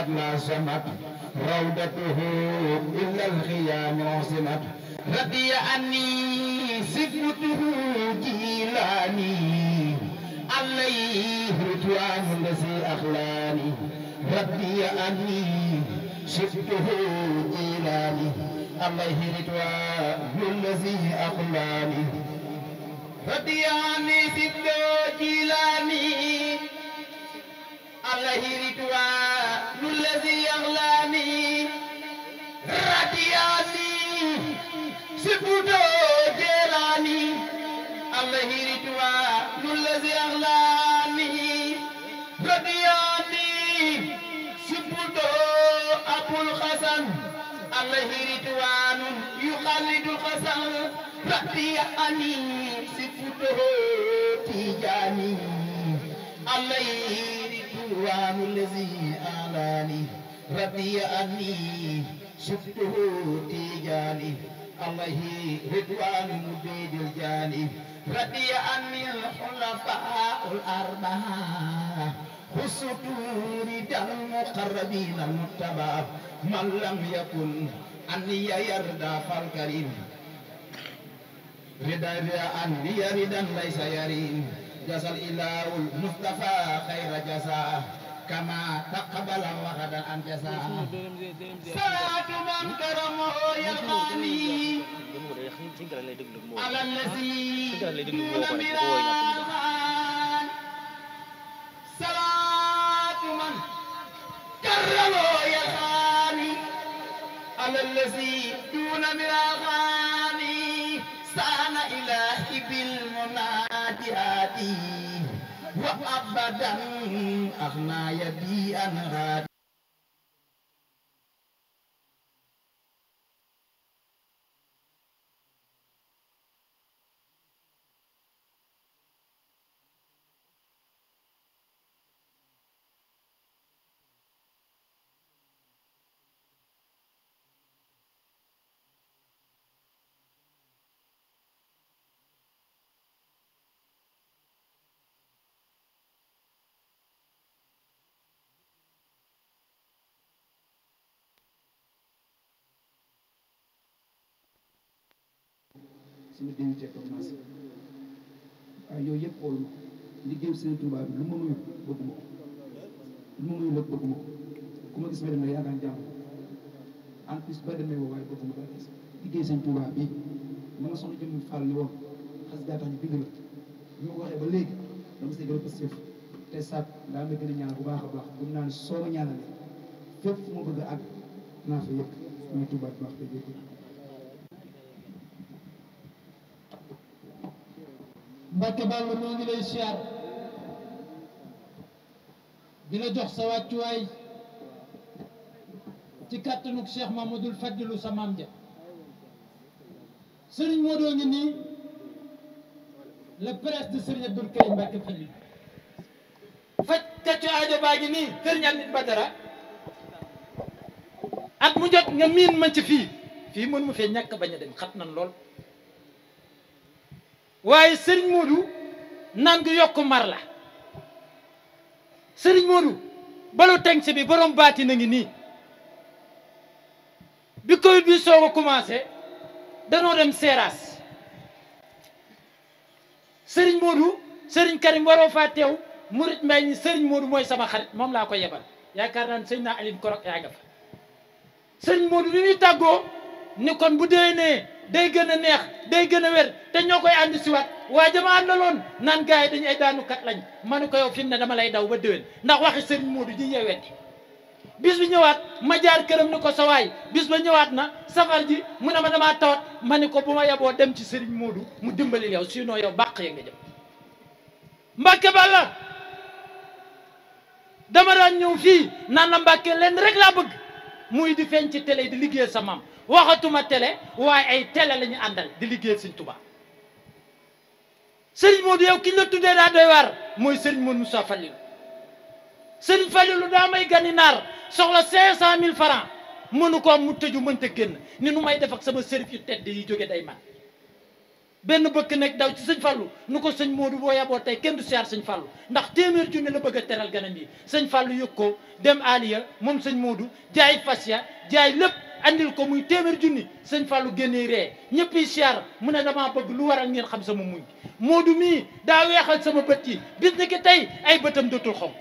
قد ناصمت روضته إلا الخيام عصمت رضي أني صفته جيلاني عليه رجوان الذي أخلاني رضي أني شفته جيلاني عليه رجوان الذي أخلاني رضي أني صفته جيلاني عليه رجوان سفوتو جيراني الله رجوان الذي أغلاني ردياني سفوتو أبو الحسن الله رجوان يخلد الحسن ردياني سفوتو تيجاني الله رجوان الذي أعلاني رضي عني شفته تيجاني عليه رضوان مبيد الجانب رضي عني الخلفاء الأربعة خصوصور المقربين المتبع من لم يكن أني يرضى فالكريم رضا أني رضا ليس يريم جزى الإله المصطفى خير جزاه كما تقبل وغدا عن جزاء صلاة من كرمه يرماني على الذي منبر صلاة من كرمه يرماني على الذي دون مراغاني سان إلهي بالمنادي أبدا أغنى يدي أنغاد suñu dignité commencé waaye yooyu yëpp xool liggéey liggéeyu seen tubaab bi lu ma nuyu bëgguma ko lu ma nuyu bëgguma ko ku ma gis may demee yaakaar jàmm en plus ba demee woo waaye bëgguma ko gis liggéey seen tubaab bi ma nga soxna jëmm Fall ni woon xas daa tax ñu bind la bi waxee ba léegi dama see gën a positif te saat daa ma gën a ñaanal bu baax a baax gëm naa ne soo ma ñaanalee fépp fu ma bëgg a àgg naa fa yëg muy tubaab bu baax te jékki Mbacke Balla moo ngi la siyaar di jox sa wàccuwaay ci kàttanug Cheikh Mamadou Fadilu sa maam ja Serigne moo doo ngi nii le presse de Serigne Abdoul Karim Mbacke Fadilu faj kàccu aajo baa ngi nii Serigne ak nit Badara at mu jot nga miin ma ci fii fii mën mu fee ñàkk bañ a dem xat lool waaye sëriñ Modou naan yokk mar la sëriñ Modou balu teng si bi borom baati na nii bi Covid bi soog a commencé danoo dem Seras sëriñ Modou sëriñ Karim waroo faa teew murit mbay ñi sëriñ Modou mooy sama xarit moom laa ko yebal yaakaar naan sëñ naa Aline Korok yaa nga sëriñ Modou li ñuy tàggoo ni kon bu déwénee day gën a neex day gën a wér te ñoo koy ànd si waat waa jama àndaloon naan yi dañu ay daanukat ma ne ko yow fi ne dama lay daw ba déwén ndax waxi sëñ Moodu ji ñëwet bis ñëwaat ma jaar këram ko sa bis ba ñëwaat na safar ji mu ne ma damaa tawat ma ne ko bu ma dem ci sëriñ Moodu mu dimbali yow sinon yow bàq ya nga jëm daan ñëw fii naan la Mbàkke leen rek laa bëgg muy di feeñ ci télé di liggéey sa maam waxatuma télé waaye ay télé lañu àndal di liggéey sëñ Touba sëriñ Modou yow ki la tuddee daa doy waar mooy sëriñ Modou Moussa Falilou sëriñ Falilou daa may gani naar soxla cinq cent mille francs mënu ko mu tëju mënta génn ni nu may def ak sama sërif yu tedd yi jóge day man benn bëkk nekk daw ci sëñ fallu nu ko sëñ moodu boo yaboo tey kenn du siyaar sëñ fallu ndax téeméer junne la bëgg a teral ganam yi sëñ Fallou yëg ko dem Aliya moom sëñ Modou jaay fas jaay lépp andil ko muy téeméer junni sëñ Fallou génnee ree ñëpp yi siyaar mu ne damaa bëgg lu waral ngeen xam sama muñ Moodu mii daa weexal sama bët yi bis ni ki tey ay bëtam dootul xonk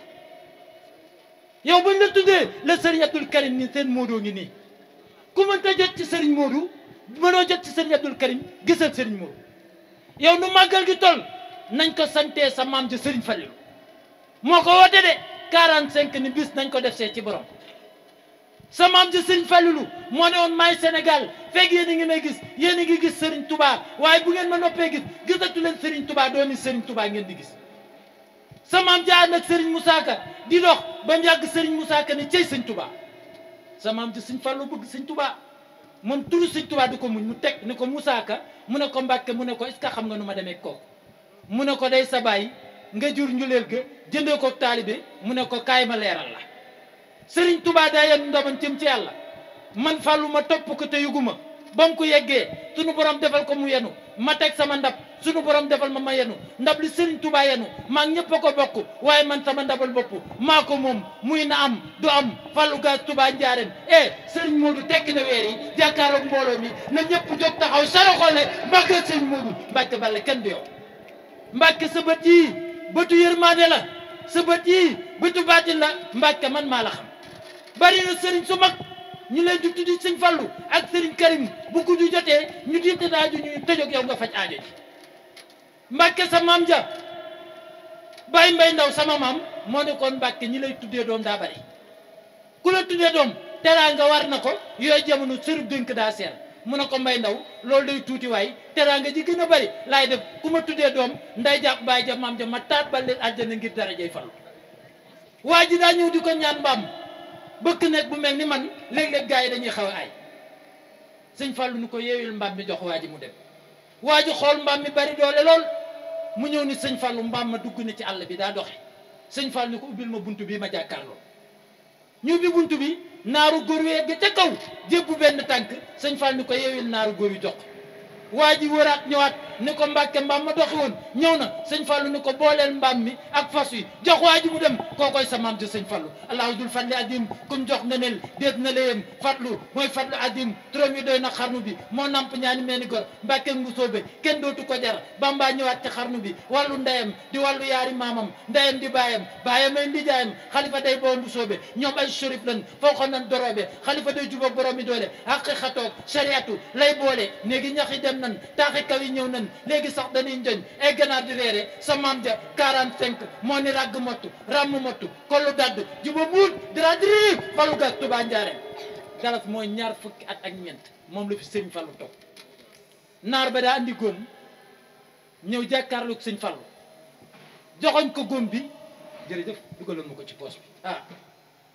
yow bañ la tuddee la sëriñ Karim ni seen Moodoo ngi nii ku mënta jot ci sëriñ Moodu mënoo jot ci sëriñ Abdul Karim gisal sëriñ Moodu yow nu màggal nañ ko santee sa maam ja sëriñ moo ko woote de 45 ni bis nañ ko def see ci borom sa ji sëñ Falilou moo ne woon maay Sénégal fekk yéen a ngi may gis yéen ngi gis Serigne Touba waaye bu ngeen ma noppee gis gisatu leen Serigne Touba doomi Serigne Touba ngeen di gis. sa maam ji ànd ak Serigne di dox ba njàgg Serigne Moussa Ka ne cey sëñ Touba sa maam ji sëñ Falilou bëgg sëñ tubaa moom turu sëñ tubaa di ko muñ mu teg ne ko Moussa Ka mu ne ko Mbàkke mu ne ko est-ce xam nga nu ma demee kooku mu ne ko day sa baay nga jur njuleel ga jëndee ko taalibe mu ne ko kaay ma leeral la. sëriñ tubaa daa yenn ndamam jëm ci àlla man fàllu ma topp ko te yuguma ba mu ko yeggee sunu borom defal ko mu yenu ma teg sama ndab sunu borom defal ma ma yenu ndab li sëriñ tubaa yenu maa ñëpp ko bokk waaye man sama ndabal bopp maa ko moom muy na am du am fàllu gaas tubaa njaareen eh sëriñ Moodu tekki na weer yi jàkkaaroog mbooloo mi na ñëpp jóg taxaw saraxoole mbàkke sëriñ Moodu mbàkke bale kenn du yow mbàkke sa bët yii bëtu yërmaande la sa la mbàkke man maa bari na sëriñ su mag ñu leen di tuddi sëñ Fallu ak sëriñ Karim bu ko ju jotee ñu diir daaju ñuy tëjog yow nga faj aajo ji Mbàkke sa maam ja Baye Mbay Ndaw sama maam moo ne koon Mbàkke ñi lay tuddee doom daa bari ku la tuddee doom teraanga war na ko yooyu jamono sërub dënk daa seer mu ne ko Mbay Ndaw loolu day tuuti waay nga ji gën a bari laay def ku ma tuddee doom nday jàpp baay ja maam ja ma taat ba leen àjjana ngir dara jay Fallu waa ji bëkk nekk bu mel ni man léeg-léeg gars yi dañuy xaw a aay sëñ Fallou ni ko yeewul mbaam mi jox waa ji mu dem waa ji xool mbaam mi bari doole lool mu ñëw ni sëñ Fallou mbaam ma dugg na ci àll bi daa doxe sëñ Fallou ni ko ubbil ma bunt bii ma jàkkaarloo ñu ubbi buntu bi naaru góor wi egg ca kaw jébbu benn tànk sëñ Fallou ni ko yeewul naaru góor wi jox waa ji wëraat ñëwaat. ni ko mbàkke mbaam ma doxi ñëw na sëñ Fallou ni ko booleel mbaam mi ak fas wi jox waa ji mu dem koo koy samaam di sëñ Fallou allahu dul fadli adim kum jox ngeneel déet na layeen fadlu mooy fadlu adim turam yi doy na xarnu bi moo namp ñaani meeni gor mbàkke ngu soobe kenn dootu ko jar bamba ñëwaat ci xarnu bi wallu ndeyam di wàllu yaari maamam ndeyam di baayam baayam ay ndijaayam xalifa day boo ngu soobe ñoom ay shérif lañ foo ko nan doroobe xalifa day jubóog borom mi doole xaqi xatoog lay boole néegi ñaxi dem nan taaxi kaw yi ñëw nan léegi sax dañuy njëñ ay ganaar di reere sa maam ja 45 moo ni ràgg mottu ràmm mottu kollu dadd juba muul dira diri falu gas tubaa njaare mooy ñaar fukki at ak ñeent moom la fi sëñ fallu toog naar ba daa andi góom ñëw jàkkaarloog sëñ fallu joxoñ ko góom bi jërëjëf dugaloon ma ko ci poos bi ah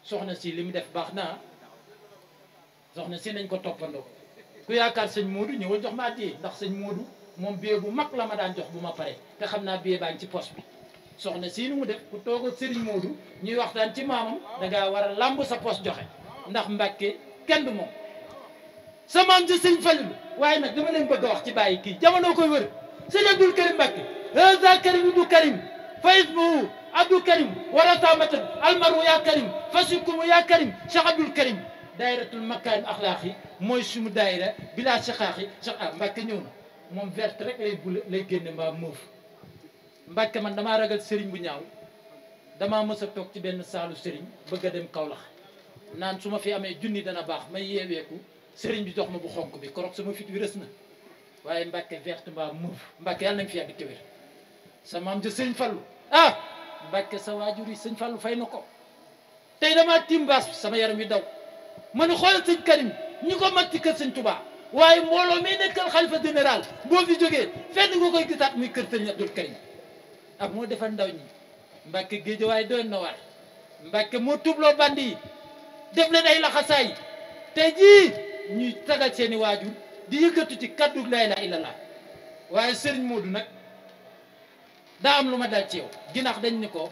soxna si li mu def baax naa soxna si nañ ko toppandoo ku yaakaar sëñ Moodu ñëwal jox ma àddiyee ndax sëñ Moodu moom billet bu mag la ma daan jox bu ma pare te xam naa billet baa ci poche bi soxna sii nu mu def ku toog ak Serigne ñuy waxtaan ci maamam da ngaa war sa poche joxe ndax Mbàkke kenn du moom. sa maam ji Serigne Falilou waaye nag dama leen bëgg a wax ci bàyyi kii jamono koy wër Serigne Abdoul Karim Mbàkke hasa Karim du Karim fa ismuhu Abdou Karim wala tamatan almaru yaa Karim fasukumu yaa Karim Cheikh Karim daayiratul makaarim axlaaqi mooy sumu daayira bilaa Cheikh Aaxi Cheikh moom verte rek lay bul lay génne mbaa moof Mbàkke man damaa ragal sëriñ bu ñaaw damaa mës a toog ci benn saalu sëriñ bëgg a dem Kaolack naan su ma fi amee junni dana baax may yeeweeku sëriñ bi jox ma bu xonk bi korog sama fit wi rës na waaye mbake verte mbaa moof Mbàkke yàlla nañ fi yàgg téwér sa maam ja sëriñ Fallu ah Mbàkke sa waajur yi sëñ Fallu fay na ko tey dama tiim baas sama yaram wi daw ma ne xoolal sëñ Karim ñi ko mag ci kër sëñ Tubaa waaye mbooloo mi nekkal xalifa général boo fi jógee fenn nga koy gisaat muy kër sëñ Abdul Karim ak ah moo defal ndaw ñi Mbàkke géej waaye doon na waar Mbàkke moo tubloo band yi def leen ay laxasaay te jii ñuy tagal seeni waajur di yëkkatu ci kaddu laa ilaaha illallaah waaye sëriñ moodu nag daa am lu ma dal ci yow ginax dañ ni ko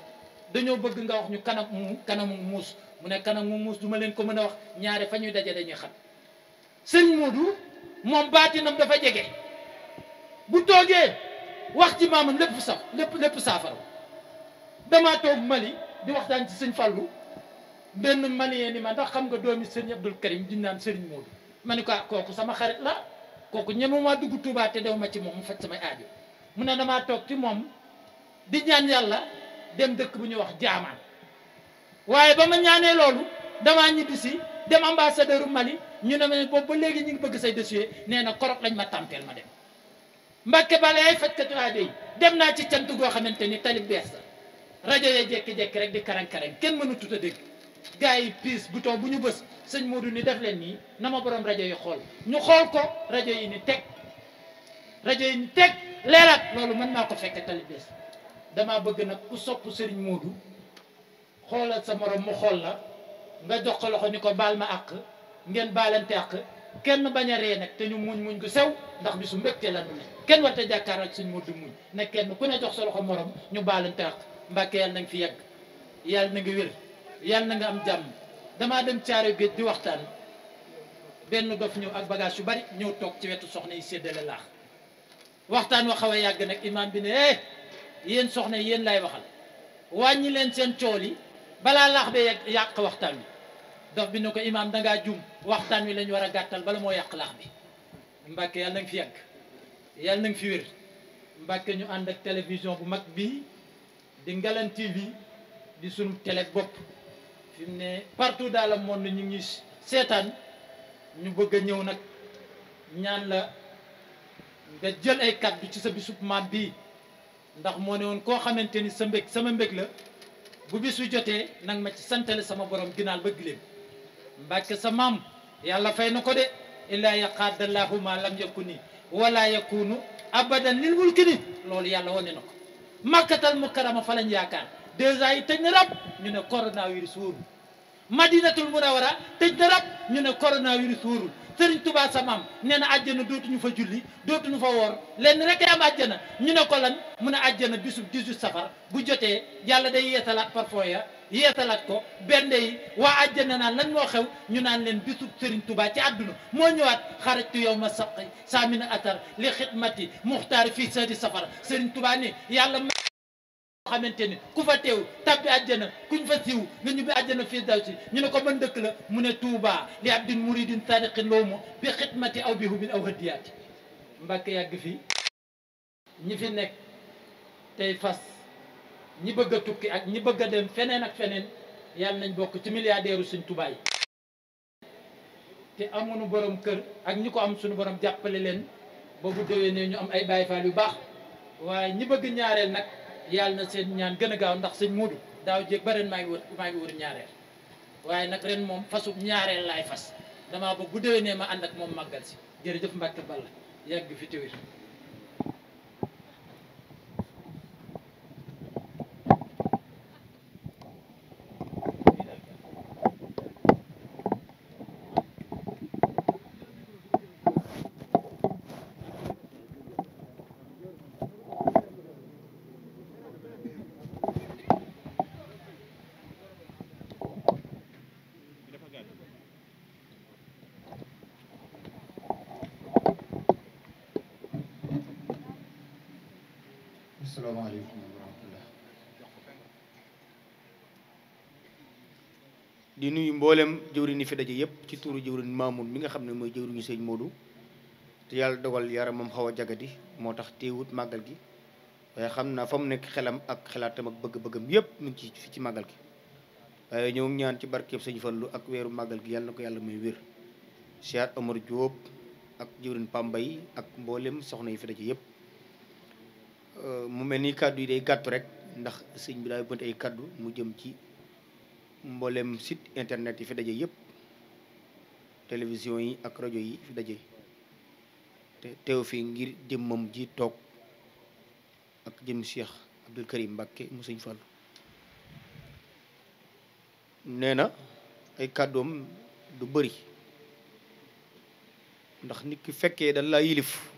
dañoo bëgg nga wax ñu kanam kanamu muus mu ne kanamu muus du ma leen ko mën a wax ñaari fa ñuy daje dañuy xam Serigne Modou moom baatinam dafa jege bu toogee wax ci maamam lépp saf lépp lépp saafara damaa toog Mali di waxtaan ci sëñ Fallou benn malien ni ma ndax xam nga doomi sëñ Abdul Karim di naan sëriñ Moodu ma ni ko ah kooku sama xarit la kooku ñemewuma dugg Touba te dew ma ci moom mu faj samay aajo mu ne damaa toog ci moom di ñaan yàlla dem dëkk bu ñuy wax jaamaan waaye ba ma ñaanee loolu damaa ñibbi si dem ambassadeur Mali ñu ne ma ne boobu ba léegi ñu ngi bëgg say dossier nee na korog lañ ma tàmpeel ma dem mbàkke bale ay fajkatu aada yi dem naa ci cant goo xamante ni tali bees la rajo yee jékki-jékki rek di karang-karang kenn mënu a dégg gars yi piis bouton bu ñu bës sëñ Modou ni def leen nii na ma borom rajo yi xool ñu xool ko rajo yi ni teg rajo yi ni teg leeraat loolu mën naa ko fekke tali bees damaa bëgg nag ku sopp sëriñ Modou xoolal sa morom mu xool la nga jox ko loxo ni ko baal ma àq ngeen baalante àq kenn bañ a ree nag te ñu muñ muñ gu sew ndax bi su mbégte la ñu ne kenn war te jàkkaar ak muñ ne kenn ku ne jox sa loxo moroom ñu baalante àq mbàkke yàlla na nga fi yegg yàlla na ngi wér yàlla na nga am jàmm damaa dem caaro géej di waxtaan benn dof ñëw ak bagage yu bari ñëw toog ci wetu soxna yi séddale laax waxtaan wa xaw a yàgg nag imaam bi ne eh yéen soxna yéen lay waxal wàññi leen seen cool yi balaa laax bee yàq waxtaan bi dof bi ne ko imaam dangaa jum waxtaan wi lañu war a gàttal bala moo yàq laax bi mbàkke yàlla na nga fi yàgg yàlla na nga fi wér mbàkke ñu ànd ak télévision bu mag bii di Ngalan bi di sunu télé bopp fi mu ne partout dans le monde ñu ngi seetaan ñu bëgg a ñëw nag ñaan la nga jël ay kàddu ci sa bisub maam bii ndax moo ne woon koo xamante ni sa mbég sama mbég la bu bisu jotee nag ma ci santale sama borom ginaal bëgg leen mbàkke sa maam yàlla fay na ko de illaa yaqaadallahu ma lam yakuni wala yakunu abadan lil mulki ni loolu yàlla wane na ko makkatal mukarama fa lañ yaakaar dèjà yi tëj na rab ñu ne coronavirus wóorul madinatul munawara tëj na rab ñu ne coronavirus wóorul sëriñ tubaa sa maam nee na àjjana dootuñu fa julli dootuñu fa woor lenn rek am àjjana ñu ne ko lan mu ne àjjana bisub 18 safar bu jotee yàlla day yeesalaat parfum ya yeesalaat ko bende yi waa àjjana naan lañ moo xew ñu naan leen bisub Serigne tubaa ci àdduna moo ñëwaat xarajtu yow ma saqi saamina atar li xidmati muxtaar fii sadi safar Serigne Touba ne yàlla xamante ni ku fa teew tàbbi àjjana kuñ fa siiw nga ñubbi àjjana fii daw si ñu ne ko ban dëkk la mu ne Touba li abdin muridin sadiqin loomu bi xidmati aw bi hubin aw hadiyaati mbàkke yàgg fii ñi fi nekk tey fas ñi bëgg tukki ak ñi bëgg a dem feneen ak feneen yàlla nañ bokk ci milliardaire suñ Touba yi te amuñu borom kër ak ñi ko am suñu borom jàppale leen boobu déwénee ñu am ay Baay Faal yu baax waaye ñi bëgg ñaareel nag yàlla na seen ñaan gën a gaaw ndax seen Modou daaw jéeg ba ren maa ngi wër maa ngi wër ñaareel waaye nag ren moom fasub ñaareel laay fas damaa bëgg bu déwénee ma ànd ak moom màggal si jërëjëf Mbacke Balla yàgg fi téwér asalaamaaleykum wa rahmatullah di nuyu mboolem jëwriñ ni fi daje yëpp ci tuuru jëwriñ Maamun mi nga xam ne mooy jëwriñu sëñ Modou te yàlla dogal yaramam xaw a jagadi moo tax teewut màggal gi waaye xam naa fa mu nekk xelam ak xelaatam ak bëgg-bëggam yëpp mu ngi ci fi ci màggal gi waaye ñoo ñaan ci barkeeb sëñ Fallu ak weeru màggal gi yàlla na ko yàlla mooy wér siyaar Omar Diop ak jëwriñ Pambay ak mboolem soxna yi fi daje yëpp Euh, mu mel ni kàddu yi day gàttu rek ndax sëñ bi daay bënt ay kàddu mu jëm ci mboolem site internet yi fi daje yëpp télévision yi ak rajo yi fi daje te teew fi ngir jëmmam ji toog ak jëm Cheikh Abdou Karim Mbacké mu sëñ Fallu nee na ay kàddoom du bëri ndax nit ki fekkee dañ laa yilif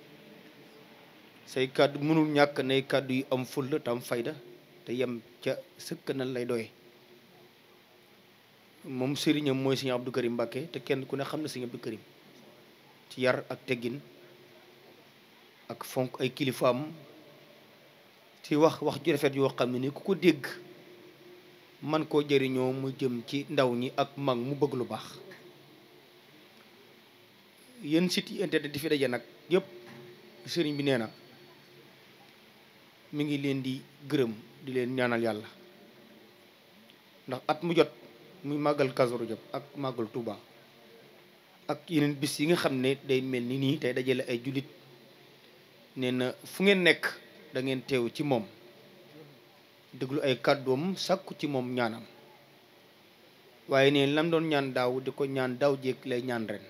say kàddu mënul ñàkk nay kàddu yu am fulla tam fayda te yem ca sëkk na lay doy moom sëriñam mooy si Abdou Karim Mbàkke te kenn ku ne xam na sëñ Abdou ci yar ak teggin ak fonk ay kilifaam ci wax wax ju rafet yoo xam ne ni ku ko dégg man koo jëriñoo mu jëm ci ndaw ñi ak mag mu bëgg lu baax yéen site yi internet di fi daje nag yëpp sëriñ bi nee na mu ngi leen di gërëm di leen ñaanal yàlla ndax at mu jot muy màggal kasoro Rajab ak màggal Touba ak yeneen bis yi nga xam ne day mel ni nii tey dajale ay jullit nee na fu ngeen nekk dangeen teew ci moom déglu ay kàddoom sàkku ci moom ñaanam waaye ne lam doon ñaan daaw di ko ñaan daaw jekk lay ñaan ren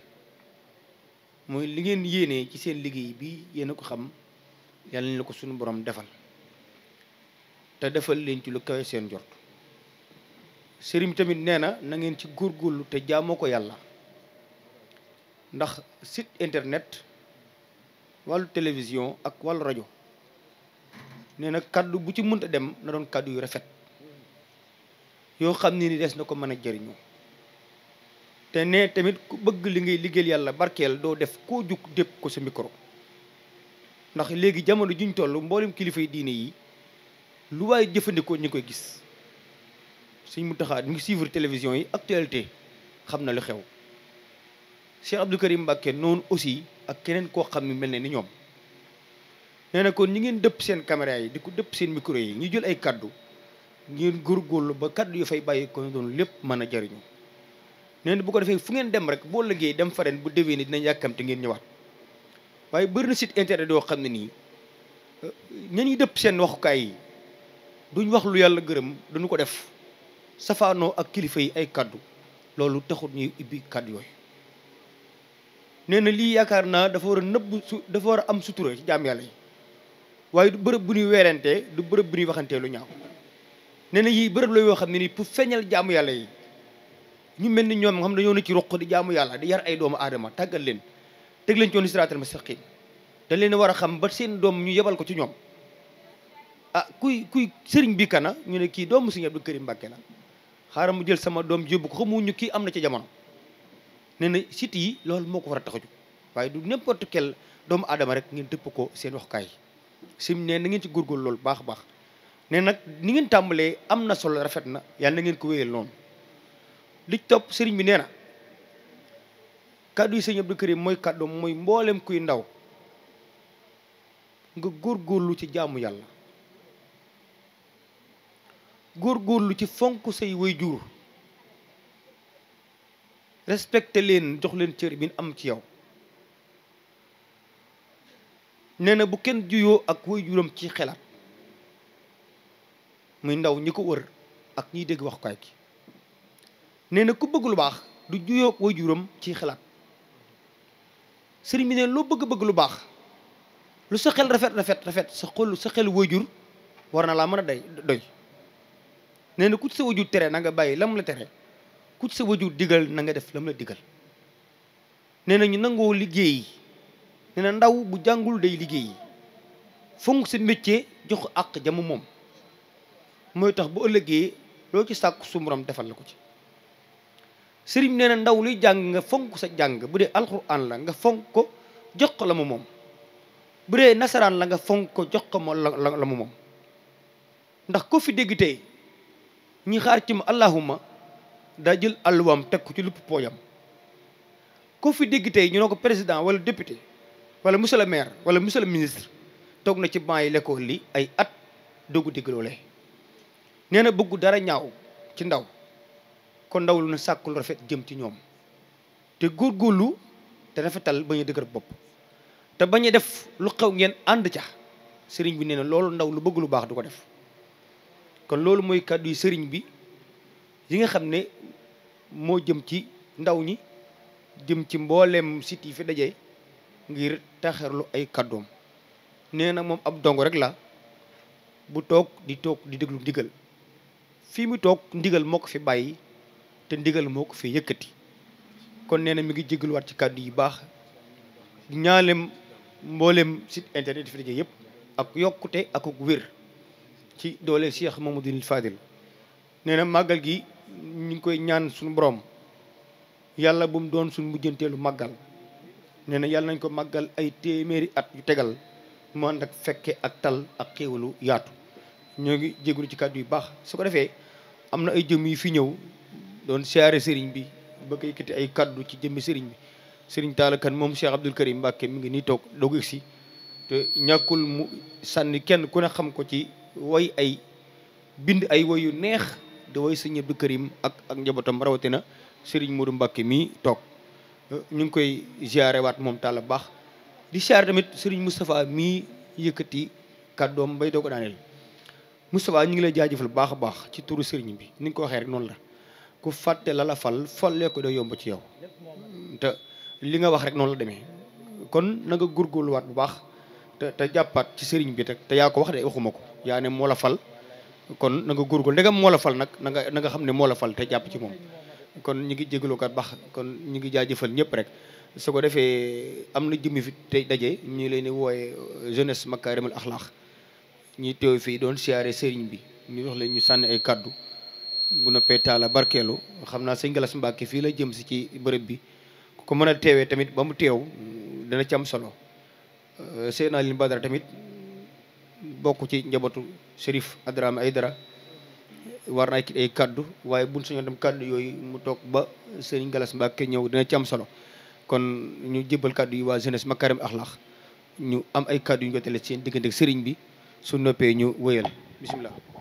mooy li ngeen yéenee ci seen liggéey bi yéen a ko xam yàlla nañ la ko sunu borom defal te defal leen ci lu kawe seen jot sëriñ tamit nee na na ngeen ci góorgóorlu te jaamoo ko yàlla ndax sit internet wàllu télévision ak wàllu rajo nee na kàddu bu ci mënta dem na doon kàddu yu rafet yoo xam ne ni des na ko mën a jëriñoo te ne tamit ku bëgg li ngay liggéeyal yàlla barkeel doo def koo jug dépp ko sa micro ndax léegi jamono juñ toll mboolem kilifa diine yi lu waaye jëfandikoo ñu koy gis Sëñ Muntaxa ñu ngi suivre télévision yi actualité xam na lu xew Cheikh Abdou Karim Mbacke noonu aussi ak keneen koo xam ne mel na ni ñoom nee na kon ñi ngeen dëpp seen caméra yi di ko dëpp seen micro yi ñu jël ay kaddu ngeen góorgóorlu ba kàddu yu fay bàyyi ko doon lépp mën a jariñu neen na bu ko defee fu ngeen dem rek boo liggéey dem faren bu déwee ni dinañ yàkkamte ngeen ñëwaat waaye bëri na site internet yoo xam ne nii ña ñuy dëpp seen waxukaay yi duñ wax lu yàlla gërëm dañu ko def safaanoo ak kilifa yi ay kàddu loolu taxut ñuy ibbi kaddu yooyu nee na lii yaakaar naa dafa war a nëbb su dafa war a am sutura ci jaam yàlla yi waaye du bërëb bu ñuy weerantee du bërëb bu ñuy waxantee lu ñaaw nee na yii bërëb la yoo xam ne nii pour feeñal jaamu yàlla yi ñu mel ni ñoom nga xam dañoo ne ci ruq di jaamu yàlla di yar ay doomu aadama tàggal leen teg leen ci yoonu ma mustaqim te leen war a xam seen doom yebal ko ci ñoom ah kuy kuy sëriñ bi kana ñu ne kii doomu sëriñ Abdou Karim Mbàkke la xaaral mu jël sama doom yóbbu ko xamuñu kii am na ci jamono nee na site yi loolu moo ko war a tax a waaye du n'importe quel doomu aadama rek ngeen dëpp ko seen waxukaay sim ne na ngeen ci góorgóorlu loolu baax baax ne nag ni ngeen tàmbalee am na solo rafet na yàlla ngeen ko wéyal noonu li topp sëriñ bi nee na kàddu yi sëriñ Abdou Karim mooy kàddoom mooy mboolem kuy ndaw nga góor góorlu ci jaamu yàlla góor góorgóorlu ci fonk say waajur respecté leen jox leen cër bi am ci yow nee na bu kenn juyoo ak waajuram ci xelaat muy ndaw ñi ko wër ak ñiy dégg wax kaay ki nee na ku bëgg lu baax du juyoo ak waajuram ci xelaat sëriñ bi ne loo bëgg-bëgg lu baax lu sa xel rafet rafet rafet sa xol sa xel waajur war na laa mën a day doy nee na ku ci sa wajur tere na bàyyi lam la tere ku ci sa wajur digal nanga def lam la digal nee nañu ñu nangoo liggéey nee na ndaw bu jàngul day liggéey fonk sa métier jox ak jamu moom mooy tax boo ëllëgee loo ci sàkku su defal la ko ci sëriñ ne na ndaw luy jàng nga fonk sa jàng bu dee alxuraan la nga fonk ko jox ko la mu moom bu dee nasaraan la nga fonk ko jox ko la la mu moom ndax ko fi dégg tey ñi xaar ci ma allahuma daa jël alluwaam teg ko ci lupp poojam koo fi dégg tey ñu ne ko président wala député wala monsieur le maire wala monsieur le ministre toog na ci ban yi lekkool li ay at doogu dégg loolee nee na bëggu dara ñaaw ci ndaw kon ndaw lu na sàkk lu rafet jëm ci ñoom te góor góorlu te rafetal bañ a dëgër bopp te bañ def lu xew ngeen ànd ca sëriñ bi nee na loolu ndaw lu bëgg lu baax du ko def kon loolu mooy kàddu yi sëriñ bi yi nga xam ne moo jëm ci ndaw ñi jëm ci mbooleem site yi fi daje ngir taxerlu ay kàddoom nee na moom ab dong rek la bu toog di toog di déglu ndigal fii mu toog ndigal moo fi bàyyi te ndigal moo ko fi yëkkati kon nee na mi ngi jégaluwaat ci kàddu yu baax ñaalem mboolem site internet yi fi daje yëpp ak yokkute ak ak wér ci doole Cheikh Mamadou Fadil nee na màggal gi ñu ngi koy ñaan suñu borom yàlla bu mu doon suñu mujjanteelu màggal nee na yàlla nañ ko màggal ay téeméeri at yu tegal mu ànd ak fekke ak tal ak xéewalu yaatu ñoo ngi jégalu ci kàddu yu baax su ko defee am na ay jëm yu fi ñëw doon siyaare sëriñ bi bëgg yëkkati ay kàddu ci jëmmi sëriñ bi sëriñ Talla Kane moom Cheikh Abdoul Karim Mbacke mi ngi nii toog doog si te ñàkkul mu sànni kenn ku ne xam ko ci woy ay bind ay woyu neex di woy sëñ Abdou Karim ak ak njabootam rawatina Serigne Modou Mbacké mii toog euh, ñu ngi koy ziare waat moom bu baax di ziare tamit Serigne Moustapha mii yëkkati kàddoom bay doo ko daaneel ñu ngi lay jaajëfal baax a baax ci turu Serigne bi ni nga ko waxee rek noonu la ku fàtte la la fal falee ko day yomb ci yow te li nga wax rek noonu la demee kon na nga góorgóorluwaat bu baax te te jàppaat ci Serigne bi rek te yaa ko wax de waxuma ko. yaa ne moo fal kon na nga góorgóorlu ndegam moo la fal nag na nga na xam ne moo fal te jàpp ci moom kon ñu ngi jégalukat baax kon ñu ngi jaajëfal ñëpp rek su ko defee am na jëmmi tey daje ñu leen di wooye euh, jeunesse makaarimul axlaax ñi teew fii doon siyaare sëriñ bi ñu wax leen ñu sànni ay kàddu bu noppee taala barkeelu xam naa sëñ Galas Mbàkke fii la jëm si ci bërëb bi ku ko mën a teewee tamit ba mu teew dana ci am solo euh, seen Alioune Badara tamit bokk ci njabootu Chérif Adrame Aydara war na ay kaddu waaye buñ suñu dem kaddu yooyu mu toog ba Serigne Gallas Mbacké ñëw dina ci am solo kon ñu jébbal kaddu yi waa jeunesse Makarim Akhlaq ñu am ay kaddu yu ñu jotale seen diggante sëriñ bi su noppee ñu wëyal bisimilah.